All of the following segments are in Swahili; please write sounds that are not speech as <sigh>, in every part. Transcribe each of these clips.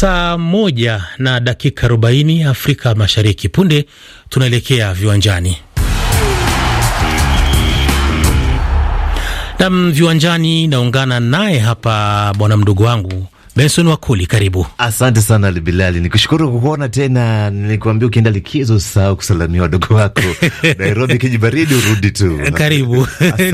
Saa moja na dakika 40 Afrika Mashariki. Punde tunaelekea viwanjani. Nam viwanjani naungana naye hapa bwana mdogo wangu Benson Wakuli, karibu. Asante sana Bilali, nikushukuru kukuona tena. Nilikuambia ukienda likizo usahau kusalamia wadogo wako <laughs> Nairobi, kiji baridi urudi tu. <laughs> Karibu,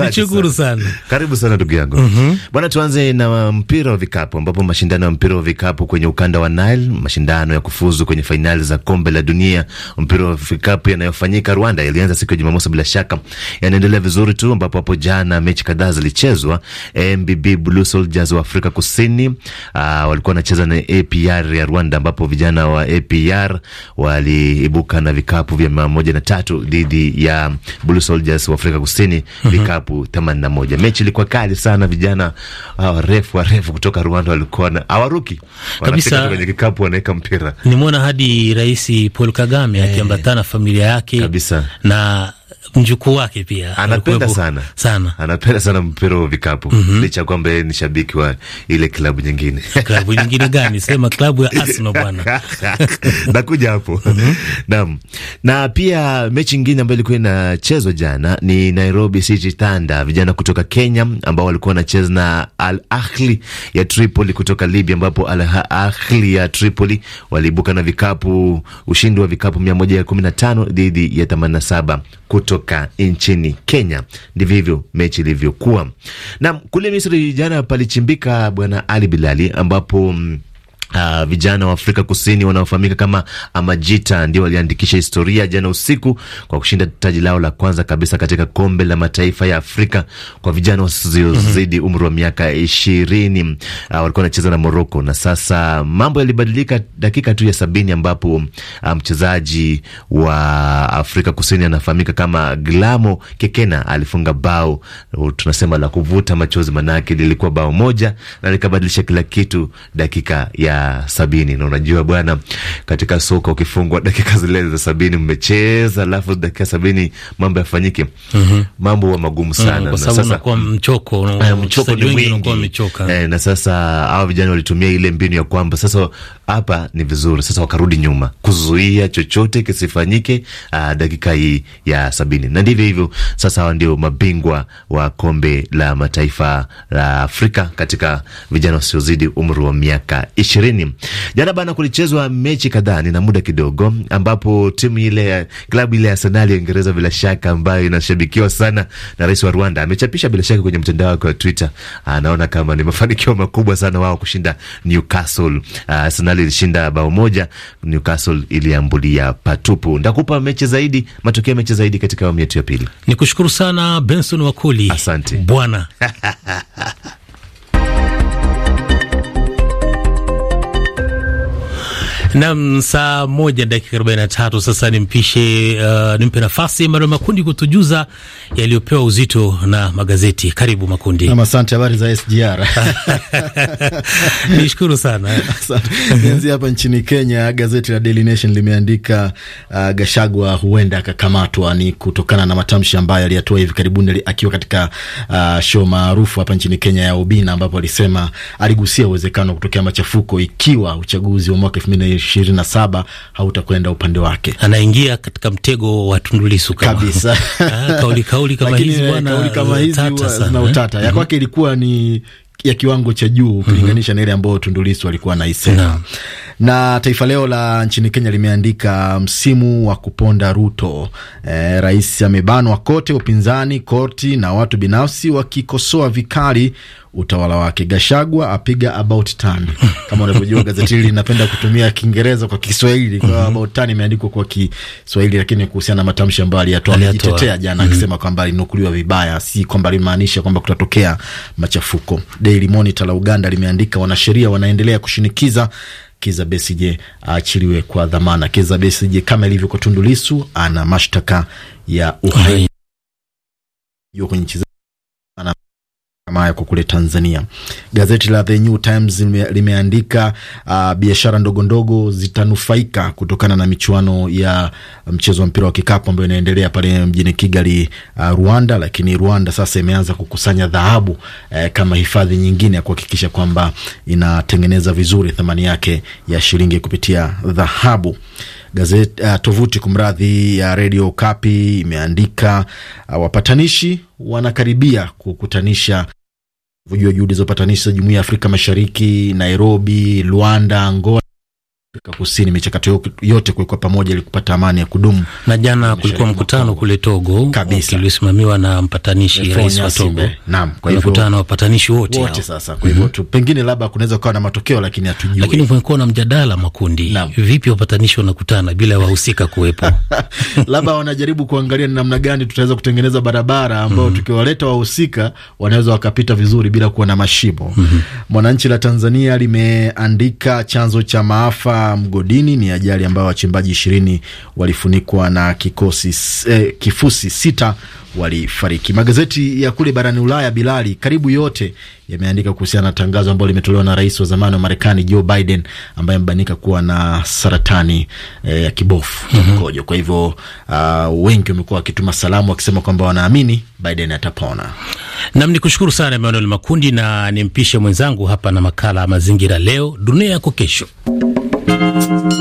nishukuru sana. Karibu sana ndugu yangu. mm -hmm. Bwana, tuanze na mpira wa vikapu ambapo mashindano ya mpira wa vikapu kwenye ukanda wa Nile, mashindano ya kufuzu kwenye fainali za kombe la dunia mpira wa vikapu yanayofanyika Rwanda yalianza siku ya Jumamosi, bila shaka yanaendelea vizuri tu, ambapo hapo jana mechi kadhaa zilichezwa. MBB Blue Soldiers wa Afrika Kusini uh, walikuwa wanacheza na APR ya Rwanda, ambapo vijana wa APR waliibuka na vikapu vya mia moja na tatu dhidi ya Blue Soldiers wa Afrika Kusini, mhm. vikapu themanini na moja. Mechi ilikuwa kali sana, vijana ah, warefu warefu kutoka Rwanda walikuwa hawaruki kabisa kwenye kikapu, wanaweka mpira. Nimeona hadi Rais Paul Kagame eh. akiambatana hey, familia yake kabisa na mjukuu wake pia anapenda sana sana, anapenda sana mpira wa vikapu mm -hmm. licha kwamba yeye ni shabiki wa ile klabu nyingine <laughs> klabu nyingine gani? Sema klabu ya Arsenal bwana, <laughs> nakuja hapo mm -hmm. Naam, na pia mechi nyingine ambayo ilikuwa inachezwa jana ni Nairobi City Thunder, vijana kutoka Kenya ambao walikuwa wanacheza na Al Ahli ya Tripoli kutoka Libya, ambapo Al Ahli ya Tripoli waliibuka na vikapu ushindi wa vikapu 115 dhidi ya 87 kutoka kutoka nchini Kenya. Ndivyo hivyo mechi ilivyokuwa. nam kule Misri jana palichimbika, Bwana Ali Bilali, ambapo mm, Uh, vijana wa Afrika Kusini wanaofahamika kama Amajita ndio waliandikisha historia jana usiku kwa kushinda taji lao la kwanza kabisa katika kombe la mataifa ya Afrika kwa vijana wasiozidi mm -hmm. umri wa miaka ishirini. Uh, walikuwa wanacheza na Morocco na sasa mambo yalibadilika dakika tu ya sabini ambapo ah, mchezaji um, wa Afrika Kusini anafahamika kama Glamo Kekena alifunga bao uh, tunasema la kuvuta machozi, manake lilikuwa bao moja na likabadilisha kila kitu dakika ya sabini. Na unajua bwana, katika soka ukifungwa dakika zile za sabini mmecheza, alafu dakika sabini mambo yafanyike, mm -hmm. mambo huwa magumu mm, sana mm kwa sababu unakuwa mchoko, eh, mchoko ni mwingi eh, na sasa hawa vijana walitumia ile mbinu ya kwamba sasa hapa ni vizuri sasa, wakarudi nyuma kuzuia chochote kisifanyike uh, dakika hii ya sabini, na ndivyo hivyo sasa. Hawa ndio mabingwa wa kombe la mataifa la Afrika katika vijana wasiozidi umri wa miaka ishirini ishirini. Jana bana kulichezwa mechi kadhaa na muda kidogo, ambapo timu ile ya klabu ile ya Arsenal ya Uingereza bila shaka, ambayo inashabikiwa sana na rais wa Rwanda, amechapisha bila shaka kwenye mtandao wake wa Twitter, anaona ah, kama ni mafanikio makubwa sana wao kushinda Newcastle. Ah, Arsenal ilishinda bao moja, Newcastle iliambulia patupu. Ndakupa mechi zaidi, matokeo ya mechi zaidi katika awamu yetu ya pili. Nikushukuru sana Benson Wakuli, Asante bwana <laughs> Nam, saa moja dakika arobaini na tatu sasa nimpishe, uh, nimpe nafasi Manuel Makundi kutujuza yaliyopewa uzito na magazeti. Karibu Makundi. Nam, asante. Habari za SGR <laughs> <laughs> nishukuru sana nianzie hapa nchini Kenya. Gazeti la Daily Nation limeandika uh, Gashagwa huenda akakamatwa, ni kutokana na matamshi ambayo aliyatoa hivi karibuni akiwa katika uh, show maarufu hapa nchini Kenya ya Obina, ambapo alisema aligusia uwezekano wa kutokea machafuko ikiwa uchaguzi wa mwaka elfu mbili ishirini na saba hautakwenda upande wake. Anaingia katika mtego wa Tundu Lissu kabisa. <laughs> Ah, kauli kauli kama hizi eh, na eh? utata, ya mhm. kwake ilikuwa ni ya kiwango cha juu mhm. ukilinganisha mm -hmm. na ile ambayo Tundu Lissu alikuwa anaisema na Taifa Leo la nchini Kenya limeandika msimu wa kuponda Ruto. E, rais amebanwa kote, upinzani, korti na watu binafsi wakikosoa vikali utawala wake. Gashagwa apiga about time. <laughs> Kama unavyojua gazeti hili linapenda kutumia Kiingereza kwa Kiswahili, kwa mhm. about time imeandikwa kwa Kiswahili, lakini kuhusiana na matamshi ambayo aliyatoa, alijitetea jana mhm. akisema kwamba alinukuliwa vibaya, si kwamba alimaanisha kwamba kutatokea machafuko. Daily Monitor la Uganda limeandika wanasheria wanaendelea kushinikiza Kizza Besigye aachiliwe kwa dhamana. Kizza Besigye kama ilivyo kwa Tundu Lissu ana mashtaka ya uhaini kwenye kama kwa kule Tanzania. Gazeti la The New Times lime, limeandika uh, biashara ndogo ndogo zitanufaika kutokana na michuano ya mchezo wa mpira wa kikapu ambayo inaendelea pale mjini Kigali, uh, Rwanda. Lakini Rwanda sasa imeanza kukusanya dhahabu uh, kama hifadhi nyingine ya kuhakikisha kwamba inatengeneza vizuri thamani yake ya shilingi kupitia dhahabu. Gazeti uh, tovuti kumradhi ya Radio Kapi imeandika uh, wapatanishi wanakaribia kukutanisha vujua juhudi za upatanishi za jumuiya ya Afrika Mashariki, Nairobi, Luanda, Angola Afrika Kusini michakato yote kuwekwa pamoja ili kupata amani ya kudumu. Na jana kulikuwa mkutano kule Togo uliosimamiwa na mpatanishi rais wa Togo. Naam, kwa hivyo mkutano wa wapatanishi wote wote sasa. Kwa hivyo mhm. tu pengine labda kunaweza kuwa na matokeo lakini hatujui. Lakini kumekuwa na mjadala makundi. Naam. Vipi wapatanishi wanakutana bila wahusika kuwepo? <laughs> Labda wanajaribu kuangalia ni namna gani tutaweza kutengeneza barabara ambayo mm -hmm. tukiwaleta wahusika wanaweza wakapita vizuri bila kuwa na mashimo. Mm -hmm. Mwananchi la Tanzania limeandika chanzo cha maafa mgodini ni ajali ambayo wachimbaji ishirini walifunikwa na kikosi, eh, kifusi sita walifariki. Magazeti ya kule barani Ulaya bilali karibu yote yameandika kuhusiana na tangazo ambalo limetolewa na rais wa zamani wa Marekani Joe Biden ambaye amebainika kuwa na saratani eh, ya eh, kibofu mm -hmm. mkojo. Kwa hivyo uh, wengi wamekuwa wakituma salamu wakisema kwamba wanaamini Biden atapona. Nam ni kushukuru sana Emmanuel Makundi na nimpishe mwenzangu hapa na makala ya mazingira leo dunia yako kesho. Thank you.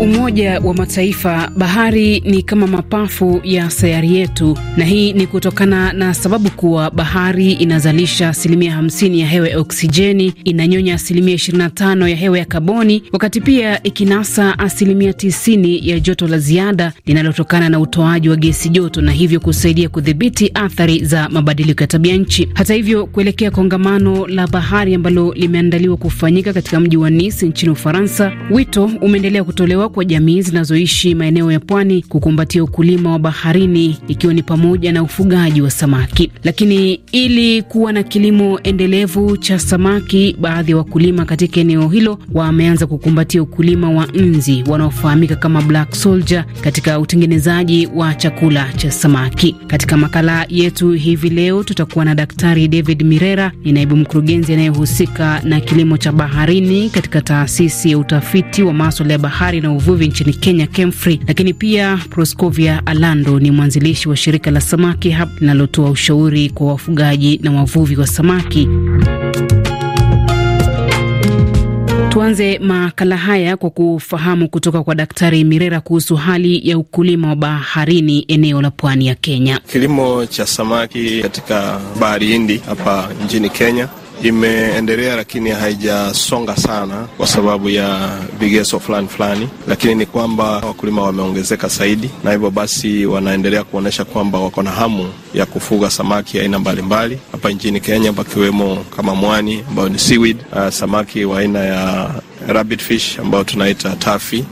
Umoja wa Mataifa, bahari ni kama mapafu ya sayari yetu, na hii ni kutokana na sababu kuwa bahari inazalisha asilimia 50 ya hewa ya oksijeni, inanyonya asilimia 25 ya hewa ya kaboni, wakati pia ikinasa asilimia 90 ya joto la ziada linalotokana na utoaji wa gesi joto, na hivyo kusaidia kudhibiti athari za mabadiliko ya tabia nchi. Hata hivyo, kuelekea kongamano la bahari ambalo limeandaliwa kufanyika katika mji wa Nice nchini Ufaransa, wito umeendelea kutolewa kwa jamii zinazoishi maeneo ya pwani kukumbatia ukulima wa baharini ikiwa ni pamoja na ufugaji wa samaki. Lakini ili kuwa na kilimo endelevu cha samaki, baadhi ya wa wakulima katika eneo hilo wameanza kukumbatia ukulima wa nzi wanaofahamika kama black soldier katika utengenezaji wa chakula cha samaki. Katika makala yetu hivi leo tutakuwa na Daktari David Mirera, ni naibu mkurugenzi anayehusika na kilimo cha baharini katika taasisi ya utafiti wa maswala ya bahari na uvuvi nchini Kenya, KEMFRI. Lakini pia Proscovia Alando ni mwanzilishi wa shirika la Samaki Hub linalotoa ushauri kwa wafugaji na wavuvi wa samaki. Tuanze makala haya kwa kufahamu kutoka kwa Daktari Mirera kuhusu hali ya ukulima wa baharini eneo la pwani ya Kenya. Kilimo cha samaki katika bahari Hindi hapa nchini Kenya imeendelea, lakini haijasonga sana kwa sababu ya vigezo fulani fulani, lakini ni kwamba wakulima wameongezeka zaidi, na hivyo basi wanaendelea kuonyesha kwamba wako na hamu ya kufuga samaki aina mbalimbali hapa nchini Kenya, pakiwemo kama mwani ambayo ni seaweed, uh, samaki wa aina ya rabbit fish ambayo tunaita tafi,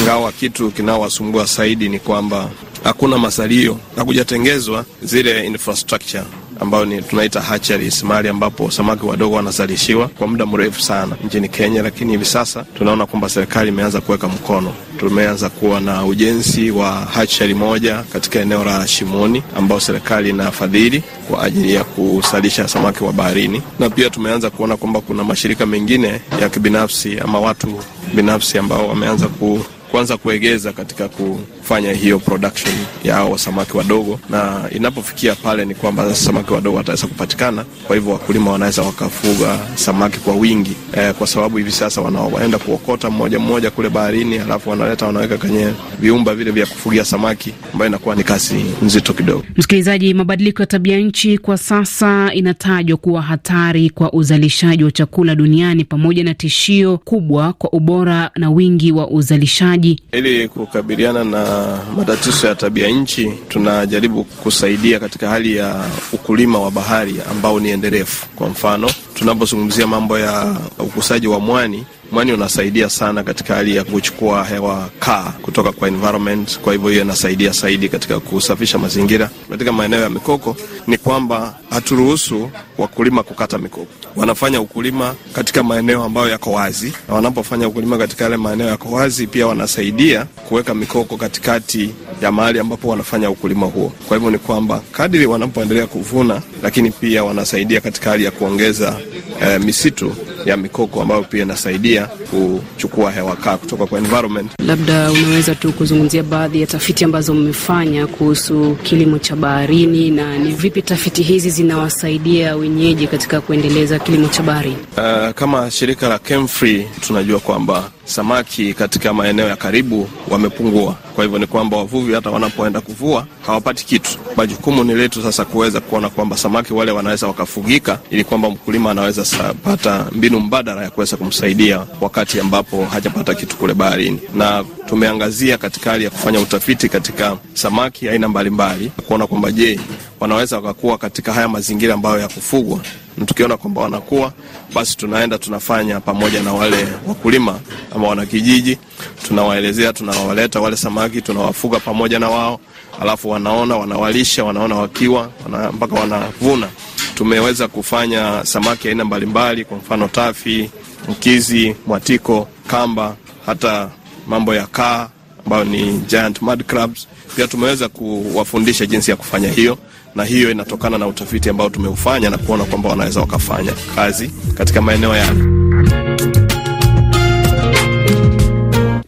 ingawa kitu kinaowasumbua zaidi ni kwamba hakuna masalio na kujatengezwa zile infrastructure ambayo ni tunaita hatcheries, mahali ambapo samaki wadogo wanazalishiwa kwa muda mrefu sana nchini Kenya, lakini hivi sasa tunaona kwamba serikali imeanza kuweka mkono. Tumeanza kuwa na ujenzi wa hatchery moja katika eneo la Shimoni ambao serikali inafadhili kwa ajili ya kusalisha samaki wa baharini, na pia tumeanza kuona kwamba kuna mashirika mengine ya kibinafsi ama watu binafsi ambao wameanza ku, kuanza kuegeza katika ku kufanya hiyo production ya hao samaki wadogo, na inapofikia pale ni kwamba samaki wadogo wataweza kupatikana. Kwa hivyo wakulima wanaweza wakafuga samaki kwa wingi eh, kwa sababu hivi sasa wanaenda kuokota mmoja mmoja kule baharini, alafu wanaleta wanaweka kwenye viumba vile vya kufugia samaki, ambayo inakuwa ni kazi nzito kidogo. Msikilizaji, mabadiliko ya tabia nchi kwa sasa inatajwa kuwa hatari kwa uzalishaji wa chakula duniani pamoja na tishio kubwa kwa ubora na wingi wa uzalishaji. Ili kukabiliana na matatizo ya tabia nchi, tunajaribu kusaidia katika hali ya ukulima wa bahari ambao ni endelevu. Kwa mfano, tunapozungumzia mambo ya ukusaji wa mwani mwani unasaidia sana katika hali ya kuchukua hewa kaa kutoka kwa environment. Kwa hivyo hiyo inasaidia zaidi katika kusafisha mazingira. Katika maeneo ya mikoko ni kwamba haturuhusu wakulima kukata mikopo. Wanafanya ukulima katika maeneo ambayo yako wazi, na wanapofanya ukulima katika yale maeneo yako wazi, pia wanasaidia kuweka mikoko katikati ya mahali ambapo wanafanya ukulima huo. Kwa hivyo ni kwamba kadiri wanapoendelea kuvuna, lakini pia wanasaidia katika hali ya kuongeza eh, misitu ya mikoko ambayo pia inasaidia kuchukua hewa kaa kutoka kwa environment. Labda unaweza tu kuzungumzia baadhi ya tafiti ambazo mmefanya kuhusu kilimo cha baharini na ni vipi tafiti hizi zinawasaidia wenyeji katika kuendeleza kilimo cha bahari? Uh, kama shirika la Kemfree tunajua kwamba samaki katika maeneo ya karibu wamepungua kwa hivyo ni kwamba wavuvi hata wanapoenda kuvua hawapati kitu. Majukumu ni letu sasa kuweza kuona kwamba samaki wale wanaweza wakafugika, ili kwamba mkulima anaweza pata mbinu mbadala ya kuweza kumsaidia wakati ambapo hajapata kitu kule baharini. Na tumeangazia katika hali ya kufanya utafiti katika samaki aina mbalimbali, kuona kwamba je, wanaweza wakakuwa katika haya mazingira ambayo ya kufugwa tukiona kwamba wanakuwa, basi tunaenda tunafanya pamoja na wale wakulima ama wanakijiji, tunawaelezea, tunawaleta wale samaki, tunawafuga pamoja na wao, alafu wanaona, wanawalisha, wanaona wakiwa wana, mpaka wanavuna. Tumeweza kufanya samaki aina mbalimbali, kwa mfano tafi, mkizi, mwatiko, kamba, hata mambo ya kaa ambayo ni giant mud clubs Pia tumeweza kuwafundisha jinsi ya kufanya hiyo na hiyo inatokana na utafiti ambao tumeufanya na kuona kwamba wanaweza wakafanya kazi katika maeneo yao.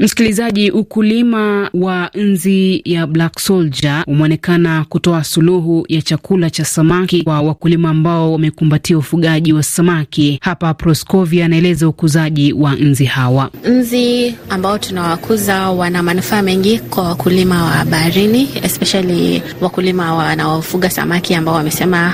Msikilizaji, ukulima wa nzi ya black soldier umeonekana kutoa suluhu ya chakula cha samaki kwa wakulima ambao wamekumbatia ufugaji wa samaki. Hapa proscovi anaeleza ukuzaji wa nzi hawa. Nzi ambao tunawakuza wana manufaa mengi kwa wakulima wa baharini, especially wakulima wanaofuga samaki ambao wamesema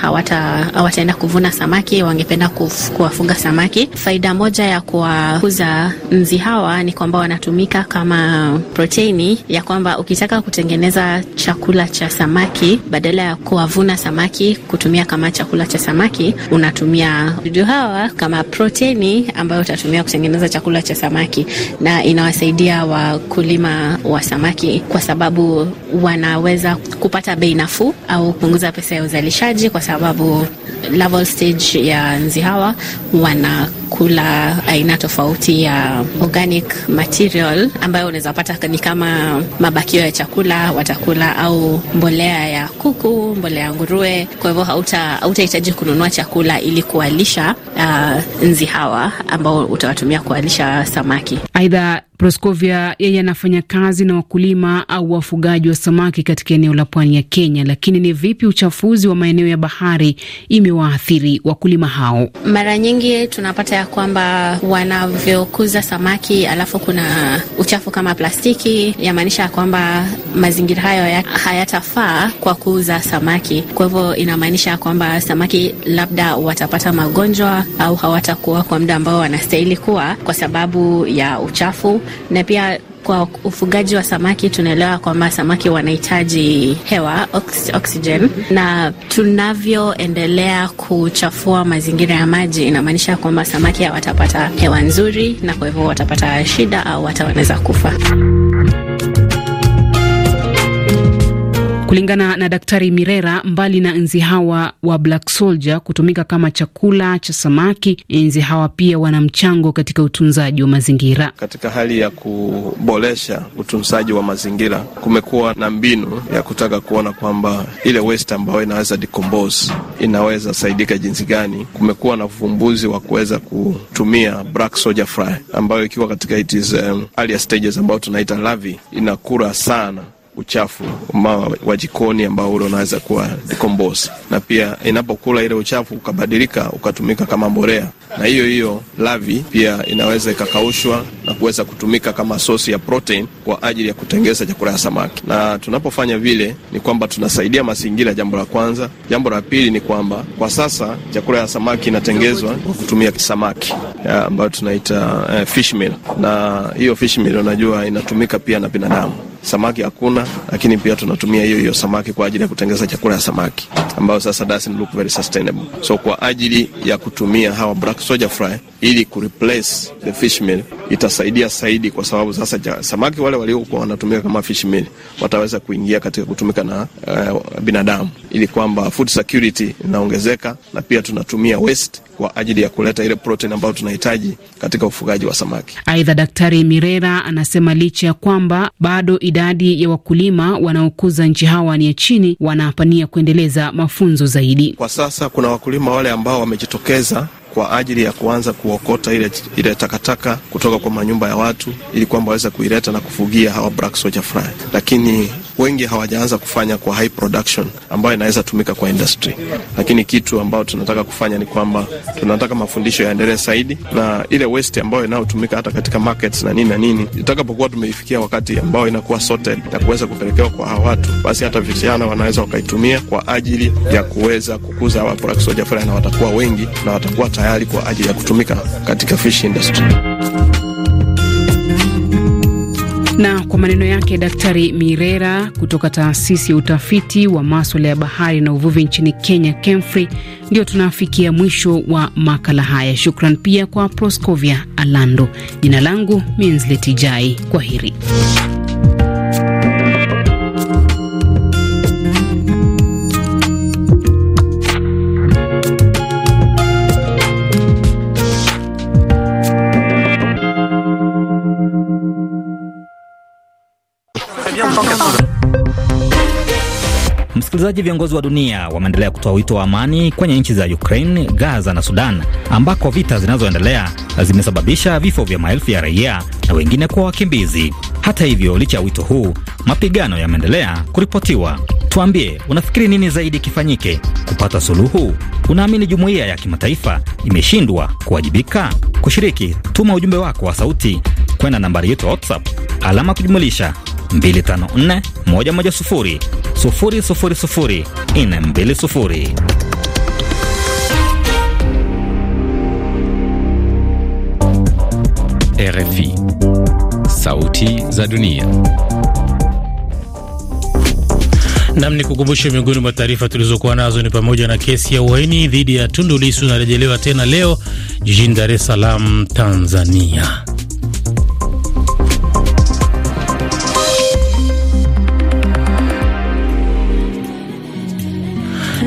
hawataenda kuvuna samaki, wangependa kuwafuga samaki. Faida moja ya kuwakuza nzi hawa ni kwamba wanatumika tumeweka kama proteini ya kwamba ukitaka kutengeneza chakula cha samaki, badala ya kuwavuna samaki kutumia kama chakula cha samaki, unatumia dudu hawa kama proteini ambayo utatumia kutengeneza chakula cha samaki, na inawasaidia wakulima wa samaki kwa sababu wanaweza kupata bei nafuu au kupunguza pesa ya uzalishaji, kwa sababu larval stage ya nzi hawa wana kula aina tofauti ya organic material ambayo unaweza pata ni kama mabakio ya chakula watakula, au mbolea ya kuku, mbolea ya nguruwe. Kwa hivyo hautahitaji kununua chakula ili kuwalisha uh, nzi hawa ambao utawatumia kuwalisha samaki. Aidha, Proskovia yeye anafanya kazi na wakulima au wafugaji wa samaki katika eneo la pwani ya Kenya, lakini ni vipi uchafuzi wa maeneo ya bahari imewaathiri wakulima hao? Mara nyingi tunapata ya kwamba wanavyokuza samaki, alafu kuna uchafu kama plastiki, yamaanisha ya kwamba mazingira hayo hayatafaa kwa kuuza samaki. Kwa hivyo inamaanisha ya kwamba samaki labda watapata magonjwa au hawatakuwa kwa muda ambao wanastahili kuwa kwa sababu ya uchafu na pia kwa ufugaji wa samaki tunaelewa kwamba samaki wanahitaji hewa oxygen, mm -hmm. Na tunavyoendelea kuchafua mazingira ya maji, inamaanisha kwamba samaki hawatapata hewa nzuri, na kwa hivyo watapata shida au hata wanaweza kufa. Kulingana na Daktari Mirera, mbali na nzi hawa wa black soldier kutumika kama chakula cha samaki, nzi hawa pia wana mchango katika utunzaji wa mazingira. Katika hali ya kuboresha utunzaji wa mazingira, kumekuwa na mbinu ya kutaka kuona kwamba ile waste ambayo inaweza decompose inaweza saidika jinsi gani. Kumekuwa na uvumbuzi wa kuweza kutumia black soldier fly ambayo ikiwa katika it is, um, early stages ambayo tunaita larvae inakura sana uchafu ambao wa jikoni ambao ule unaweza kuwa decompose, na pia inapokula ile uchafu ukabadilika ukatumika kama mbolea, na hiyo hiyo lavi pia inaweza ikakaushwa na kuweza kutumika kama sosi ya protein kwa ajili ya kutengeza chakula ya samaki. Na tunapofanya vile ni kwamba tunasaidia mazingira, jambo la kwanza. Jambo la pili ni kwamba kwa sasa chakula ya samaki inatengezwa kwa kutumia samaki ambayo tunaita eh, fish meal, na hiyo fish meal unajua inatumika pia na binadamu samaki hakuna, lakini pia tunatumia hiyo hiyo samaki kwa ajili ya kutengeneza chakula ya samaki ambayo sasa doesn't look very sustainable. So kwa ajili ya kutumia hawa black soldier fry ili kureplace the fish meal itasaidia zaidi, kwa sababu sasa ja, samaki wale waliokuwa wanatumika kama fish meal wataweza kuingia katika kutumika na uh, binadamu, ili kwamba food security inaongezeka na pia tunatumia waste kwa ajili ya kuleta ile protein ambayo tunahitaji katika ufugaji wa samaki. Aidha, Daktari Mirera anasema licha ya kwamba bado idadi ya wakulima wanaokuza nchi hawa ni ya chini, wanapania kuendeleza mafunzo zaidi. Kwa sasa kuna wakulima wale ambao wamejitokeza kwa ajili ya kuanza kuokota ile, ile takataka kutoka kwa manyumba ya watu ili kwamba waweze kuileta na kufugia hawa black soldier fly, lakini wengi hawajaanza kufanya kwa high production ambayo inaweza tumika kwa industry, lakini kitu ambayo tunataka kufanya ni kwamba tunataka mafundisho yaendelee zaidi, na ile waste ambayo inayotumika hata katika markets na nini na nini, itakapokuwa tumeifikia wakati ambao inakuwa sorted na kuweza kupelekewa kwa hawa watu, basi hata vijana wanaweza wakaitumia kwa ajili ya kuweza kukuza hawa products wa na watakuwa wengi na watakuwa tayari kwa ajili ya kutumika katika fish industry. Na kwa maneno yake Daktari Mirera kutoka taasisi ya utafiti wa maswala ya bahari na uvuvi nchini Kenya, KEMFRI, ndio tunafikia mwisho wa makala haya. Shukran pia kwa Proscovia Alando. Jina langu Minzletijai, kwa heri. Msikilizaji, viongozi wa dunia wameendelea kutoa wito wa amani kwenye nchi za Ukraine, Gaza na Sudan ambako vita zinazoendelea zimesababisha vifo vya maelfu ya raia na wengine kuwa wakimbizi. Hata hivyo, licha ya wito huu, mapigano yameendelea kuripotiwa. Tuambie, unafikiri nini zaidi kifanyike kupata suluhu? Unaamini jumuiya ya kimataifa imeshindwa kuwajibika? Kushiriki, tuma ujumbe wako wa sauti kwenda nambari yetu WhatsApp alama kujumulisha 254 110 RFI. Sauti za Dunia. Nam ni kukumbushe, miongoni mwa taarifa tulizokuwa nazo ni pamoja na kesi ya uhaini dhidi ya Tundu Lissu inarejelewa tena leo jijini Dar es Salaam, Tanzania.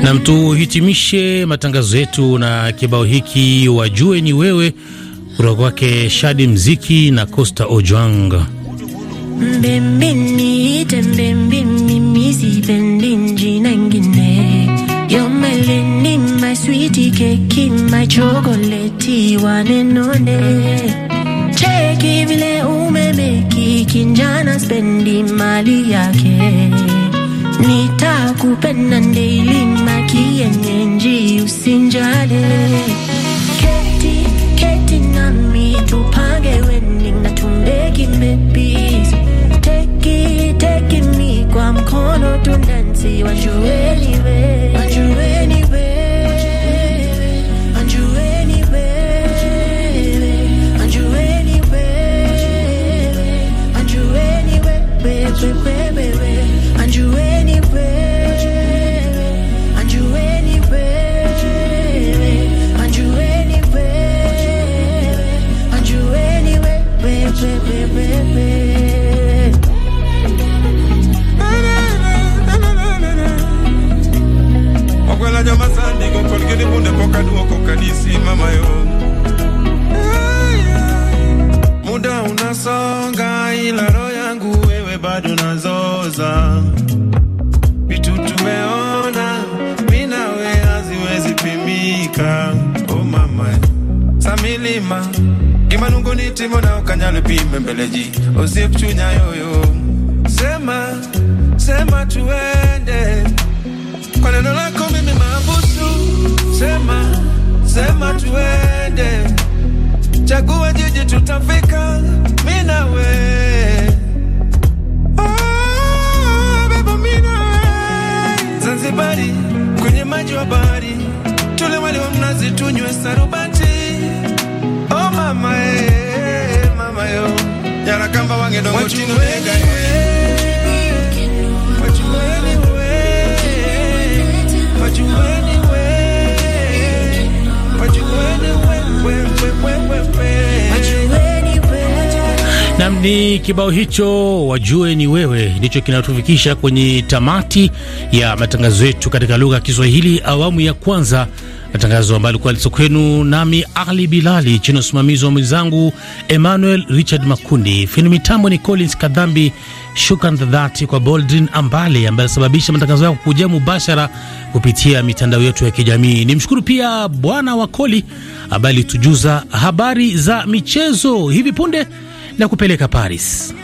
Nam, tuhitimishe matangazo yetu na kibao hiki wajue ni wewe kutoka kwake Shadi Mziki na Costa Ojwang. ngine yomeleni maswiti keki machokoleti wanenone cheki vile kinjana spendi mali yake kupenda ndeilima kienyenji usinjale keti keti nami tupange weni na tundeki mebis teki teki mi kwa mkono tundansi wajueliwe mbembeleji, usimchunya yoyo, sema sema tuende kwa neno lako, mimi mabusu, sema sema tuende, chagua jiji, tutafika mimi na wewe ah, Zanzibari kwenye maji wa bahari, tule wali wa mnazi, tunywe sarubari wange dongo Nam, ni kibao hicho wajue ni wewe ndicho kinatufikisha kwenye tamati ya matangazo yetu katika lugha ya Kiswahili awamu ya kwanza Matangazo ambayo alikuwa aliso kwenu nami Ali Bilali, chini ya usimamizi wa mwenzangu Emmanuel Richard Makundi. Fini mitambo ni Collins Kadhambi. Shukran za dhati kwa boldin Ambale ambaye alisababisha matangazo yako kuja mubashara kupitia mitandao yetu ya kijamii. Nimshukuru pia Bwana Wakoli ambaye alitujuza habari za michezo hivi punde na kupeleka Paris.